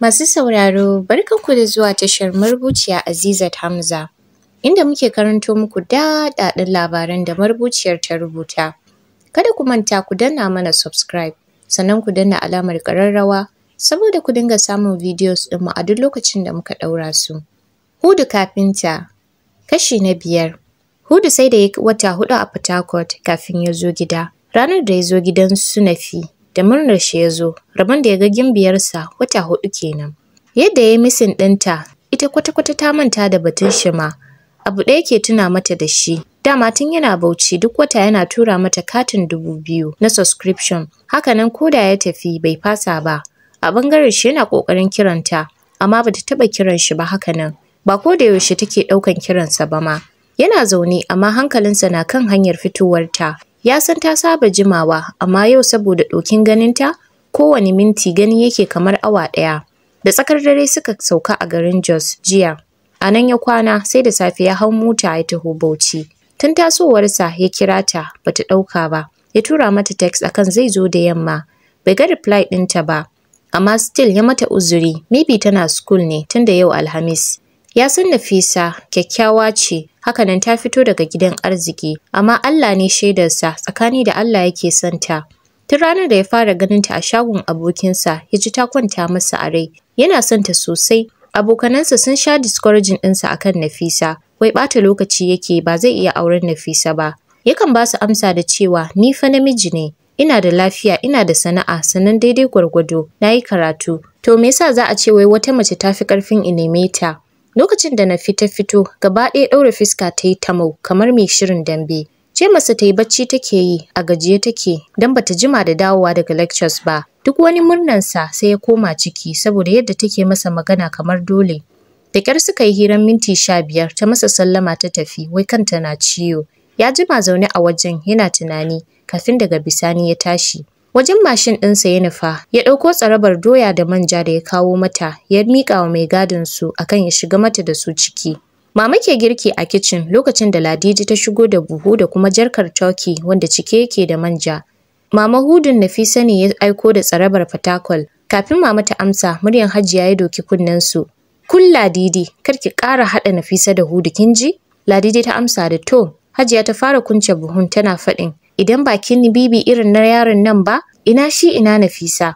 Masu sauraro, barkanku da zuwa tashar marubuciya Azizat Hamza, inda muke karanto muku daɗaɗɗun labaran da marubuciyar ta rubuta. Kada ku manta ku danna mana subscribe, sannan ku danna alamar ƙararrawa, saboda ku dinga samun videos ɗinmu a duk lokacin da muka ɗaura su. Hudu kafinta, kashi na biyar. Hudu sai da wata huɗu a Port kafin ya zo gida. Ranar da ya zo gidan su Nafi, da murnar shi ya zo, rabon da ya ga gimbiyarsa wata huɗu kenan. Yadda ya yi misin ɗinta, ita kwata-kwata ta manta da batun shi ma. Abu ɗaya ke tuna mata da shi, dama tun yana bauchi duk wata yana tura mata katin dubu biyu na subscription, hakanan ko da ya tafi bai fasa ba. A bangaren shi yana ƙoƙarin kiranta, amma bata taɓa kiran shi ba hakanan. Ba ko da yaushe take ɗaukan kiransa ba ma. Yana zaune amma hankalinsa na kan hanyar fitowarta Ya san ta saba jimawa, amma yau saboda ɗokin ganinta, kowane minti gani yake kamar awa ɗaya. Da tsakar dare suka sauka a garin Jos jiya. A nan ya kwana sai da safe ya hau mota ya taho Bauchi. Tun tasowarsa ya kira ta bata ɗauka ba. Ya tura mata a kan zai zo da yamma. Bai ga reply ɗinta ba, amma still ya mata uzuri, maybe tana school ne tun da yau Alhamis. Ya san Nafisa kyakkyawa ce, hakanan ta fito daga gidan arziki amma Allah ne shaidarsa tsakani da Allah yake santa. tun ranar da ya fara ganin ta a shagon abokinsa ya ji ta kwanta masa a rai yana son sosai abokanansa sun sha discouraging ɗinsa akan Nafisa wai ɓata lokaci yake ba zai iya auren Nafisa ba yakan ba su amsa da cewa ni fa namiji ne ina da lafiya ina da sana'a sannan daidai gwargwado na yi karatu to me yasa za a ce wai wata mace ta fi ƙarfin ta Lokacin da na fita fito, gaba ɗaya ɗaure fuska ta yi tamau kamar mai shirin dambe. Ce masa ta yi bacci take yi, a gajiye take, don ba ta jima da dawowa daga lectures ba. Duk wani murnansa sai ya koma ciki saboda yadda take masa magana kamar dole. Da ƙyar suka yi hiran minti sha biyar ta masa sallama ta tafi, wai kanta na ciwo. Ya jima zaune a wajen yana tunani kafin daga bisani ya tashi. Wajen mashin ɗinsa ya nufa, ya ɗauko tsarabar doya da manja da ya kawo mata, ya miƙa wa mai gadin su akan ya shiga mata da su ciki. Mama ke girki a kicin lokacin da Ladiji ta shigo da buhu da kuma jarkar turkey wanda cike yake da manja. Mama Hudun Nafisa ne ya aiko da tsarabar fatakol. Kafin mama ta amsa, muryan Hajiya ya doki kunnen su. Kun Ladidi, kar ki ƙara haɗa Nafisa da Hudu kin ji? Ladidi ta amsa da to. Hajiya ta fara kunce buhun tana faɗin, idan bakin bibi irin na yaron nan ba, ina shi ina Nafisa.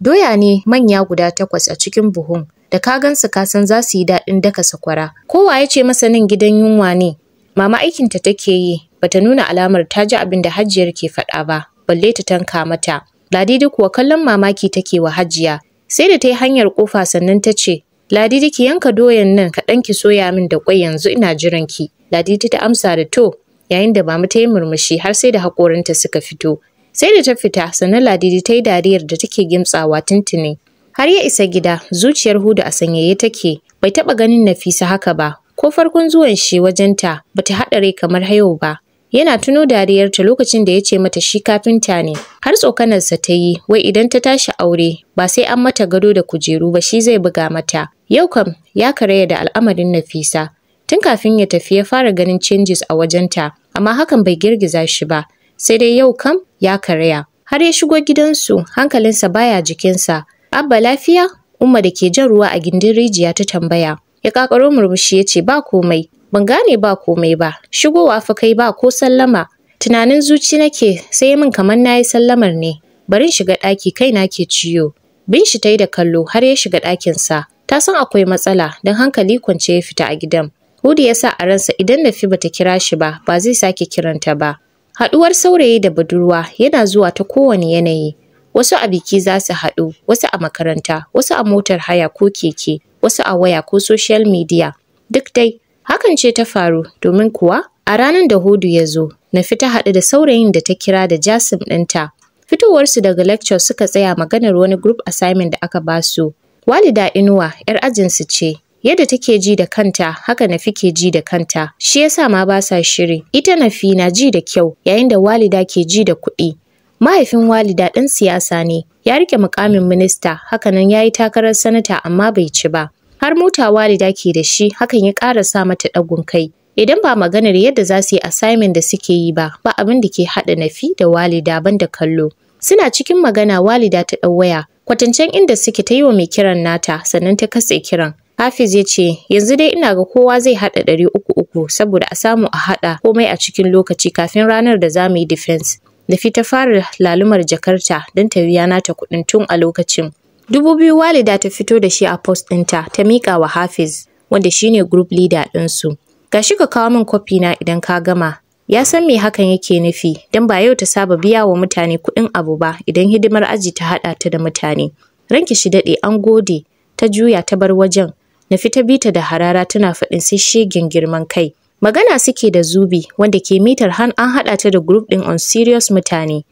Doya ne manya guda takwas a cikin buhun, da ka gansu ka san za su yi daɗin daka sakwara. Kowa ya ce masa nan gidan yunwa ne, mama aikinta take yi, bata nuna alamar ta ji abin da hajiyar ke faɗa ba, balle ta tanka mata. Ladidi kuwa kallon mamaki take wa hajiya, sai da ta yi hanyar ƙofa sannan ta ce, Ladidi ki yanka doyan nan kaɗan ki soya min da kwai yanzu ina jiran ki. Ladidi ta amsa da to, yayin da mama ta yi murmushi har sai da haƙorinta suka fito. Sai da ta fita sannan Ladidi ta yi dariyar da take gimtsawa tuntuni. Har ya isa gida zuciyar hudu a sanyaye take bai taɓa ganin Nafisa haka ba ko farkon zuwan shi wajenta ba bata haɗare kamar hayo ba. Yana tuno dariyarta lokacin da ya ce mata shi kafinta ne, har tsokanarsa ta yi, wai idan ta tashi aure, ba sai an mata gado da kujeru ba shi zai buga mata. Yau kam ya karaya da al'amarin Nafisa, Tun kafin ya tafi ya fara ganin changes a wajenta, amma hakan bai girgiza shi ba. Sai dai yau kam ya karaya. Har ya shigo gidansu, hankalinsa baya jikinsa. Abba lafiya? Umma da ke jan ruwa a gindin rijiya ta tambaya. Ya kakaro murmushi ya ce ba komai. Ban gane ba komai ba. Shigowa fa kai ba ko sallama. Tunanin zuci nake sai min kamar na yi sallamar ne. Barin shiga ɗaki kaina ke ciyo. Bin shi ta yi da kallo har ya shiga ɗakinsa. Ta san akwai matsala don hankali kwance ya fita a gidan. Hudu ya sa a ransa idan Nafi bata kira shi ba, ba zai sake kiranta ba. Haɗuwar saurayi da budurwa yana zuwa ta kowane yanayi. Wasu a biki za su haɗu, wasu a makaranta, wasu a motar haya ko keke, wasu a waya ko social media. Duk dai, hakan ce ta faru domin kuwa a ranar da Hudu ya zo, Nafi ta haɗu da saurayin da ta kira da Jasim ɗinta. Fitowarsu daga lecture suka tsaya maganar wani group assignment da aka basu. Walida Inuwa 'yar ajinsu ce, Yadda take ji da kanta, haka Nafi ke ji da kanta. Shi yasa ma ba sa shiri. Ita Nafi na ji da kyau, yayin da Walida ke ji da kuɗi. Mahaifin Walida ɗan siyasa ne, ya rike mukamin minista, hakanan ya yi takarar sanata amma bai ci ba. Har mota Walida ke da shi, hakan ya ƙara sa mata ɗagun kai. Idan ba maganar yadda za su yi assignment da suke yi ba, ba abin da ke haɗa Nafi da Walida ban da kallo. Suna cikin magana Walida ta ɗau waya, kwatancen inda suke ta yi wa mai kiran nata, sannan ta katse kiran. Hafiz ya ce, yanzu dai ina ga kowa zai haɗa ɗari uku uku saboda a samu a haɗa komai a cikin lokaci kafin ranar da za mu yi defense. da fita fara lalumar jakarta don ta biya nata kuɗin tun a lokacin. Dubu biyu Walida ta fito da shi a post ɗinta ta miƙa wa Hafiz wanda shine group leader ɗinsu. Ga shi ka kawo min kwafi na idan ka gama. Ya san me hakan yake nufi don ba yau ta saba biya wa mutane kuɗin abu ba idan hidimar aji ta haɗa ta da mutane. Ranki shi daɗe an gode ta juya ta bar wajen Na fita bita da harara tana faɗin sai shegen girman kai. Magana suke da Zubi wanda ke mitar han an haɗa ta da group ɗin on serious mutane.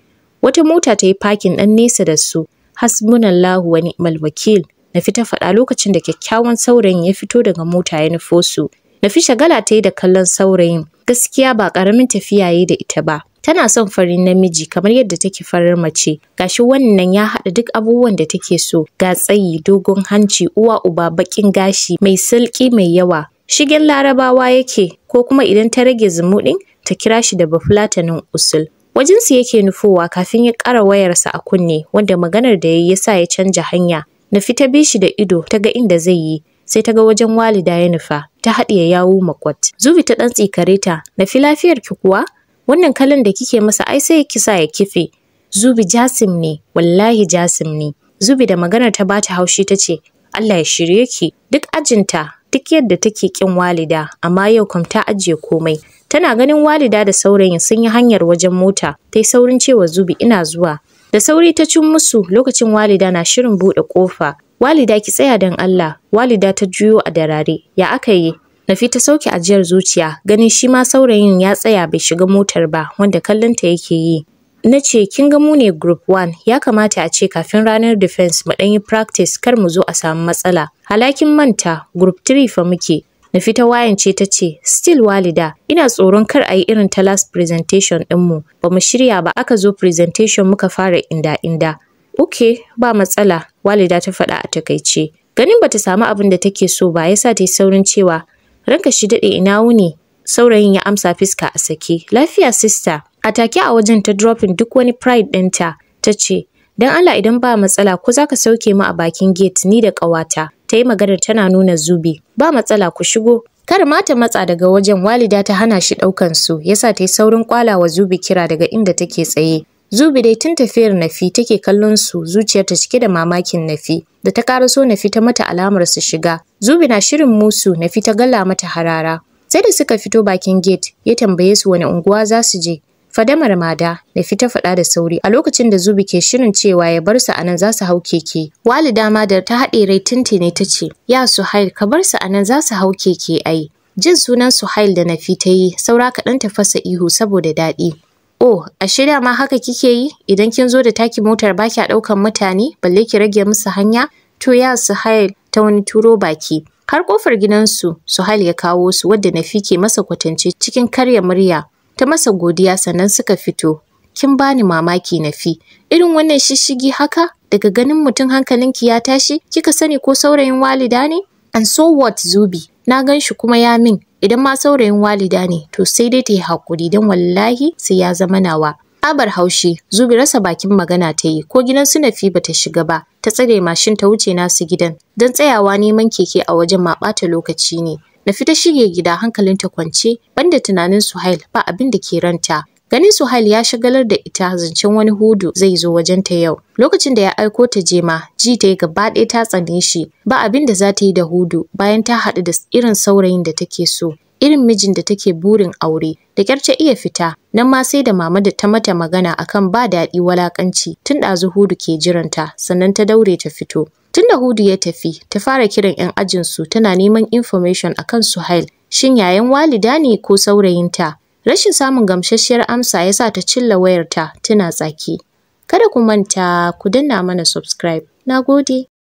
Wata mota ta yi parking ɗan nesa da su. Hasbunallahu wani mal wakil. Nafi ta faɗa lokacin da kyakkyawan saurayin ya fito daga mota ya nufo su. Na fi shagala ta yi da kallon saurayin. Gaskiya ba ƙaramin tafiya da ita ba. Tana son farin namiji kamar yadda take farar mace. Gashi wannan ya haɗa duk abubuwan da take so. Ga tsayi, dogon hanci, uwa uba, baƙin gashi, mai sulki mai yawa. Shigen larabawa yake ko kuma idan ta rage zumuɗin ta kira shi da bafulatanin usul. Wajinsu yake nufowa kafin ya ƙara wayarsa a kunne wanda maganar da ya yi ya sa ya canja hanya. na fita bi shi da ido ta ga inda zai yi. sai ta ga wajen walida ya nufa ta haɗiye yawo makwat. Zubi ta ɗan tsikare ta, lafiyar ki kuwa? wannan kalan da kike masa ai sai kisa ya kife zubi jasim ne wallahi jasim ne zubi da maganar ta bata haushi ta ce Allah ya shirye ki duk ajinta duk yadda take ƙin walida amma yau kam ta ajiye komai tana ganin walida da saurayin sun yi hanyar wajen mota tai saurin cewa zubi ina zuwa da sauri ta cin musu lokacin walida na shirin buɗe ƙofa walida ki tsaya don Allah walida ta juyo a darare ya aka yi Nafi ta sauke ajiyar zuciya ganin shi ma saurayin ya tsaya bai shiga motar ba wanda kallonta yake yi. Na ce kin ga mu ne group 1 ya kamata a ce kafin ranar defense mu ɗan yi practice kar mu zo a samu matsala. Halakin manta group 3 fa muke. Nafi wayan ce ta ce still walida ina tsoron kar a yi irin ta last presentation mu, ba mu shirya ba aka zo presentation muka fara inda inda. Ok, ba matsala, walida ta faɗa a takaice. Ganin bata samu abin da take so ba yasa ta yi saurin cewa Ranka shi daɗe ina wuni? Saurayin ya amsa fiska a sake. Lafiya sista. A take a wajen ta dropping duk wani pride ɗinta. Ta ce, Don Allah idan ba matsala ko za ka sauke mu a bakin gate ni da ƙawata. Ta yi maganar tana nuna zubi. Ba matsala ku shigo. Kar ma ta matsa daga wajen walida ta hana shi ɗaukan su, yasa ta yi saurin kwalawa zubi kira daga inda take tsaye. Zubi dai tun tafiyar Nafi take kallon su zuciyarta cike da mamakin Nafi da ta karaso Nafi ta mata alamar su shiga. Zubi na shirin musu Nafi ta galla mata harara. Sai da suka fito bakin gate ya tambaye su wani unguwa za su je. Fadamar Mada Nafi ta faɗa da sauri a lokacin da Zubi ke shirin cewa ya bar su anan za su hau keke. Walida da ta haɗe rai ne ta ce, "Ya su Suhail, ka bar su anan za su hau keke ai." Jin sunan Suhail da Nafi ta yi, saura kaɗan ta fasa ihu saboda daɗi. Oh, a shirya ma haka kike yi? Idan kin zo da taki motar ba kya ɗaukan mutane, balle ki rage musu hanya? To ya Suhail ta wani turo baki. Har ƙofar gidansu, su hal ya kawo su wadda Nafi ke masa kwatance cikin karya murya. Ta masa godiya sannan suka fito. Kin bani mamaki na fi. Irin wannan shishigi haka? Daga ganin mutum hankalinki ya tashi, kika sani ko saurayin walida ne? And so what Zubi? na gan shi kuma ya min idan ma saurayin walida ne to sai dai ta yi haƙuri don wallahi sai ya zama nawa abar haushi zubi rasa bakin magana ta yi ko gidan su nafi bata shiga ba ta tsare mashin ta wuce nasu gidan don tsayawa neman keke a wajen ma ɓata lokaci ne nafi ta shige gida hankalinta kwance banda tunanin suhail ba abin da ke ranta Ganin Suhail ya shagalar da ita zancen wani hudu zai zo wajen ta yau. Lokacin da ya aiko ta je ji ta yi gaba ɗaya ta tsane shi, ba abin da za ta yi da hudu bayan ta haɗu da irin saurayin da take so. Irin mijin da take burin aure, da kyar ta iya fita, nan ma sai da mama da ta mata magana akan ba daɗi walakanci tun ɗazu hudu ke jiranta, sannan ta daure ta fito. Tun da Hudu ya tafi, ta fara kiran 'yan ajinsu tana neman information akan Suhail. Shin yayan walida ne ko saurayinta? Rashin samun gamsasshiyar amsa ya sa ta cilla wayarta tana tsaki. Kada ku manta ku danna mana subscribe. Na gode.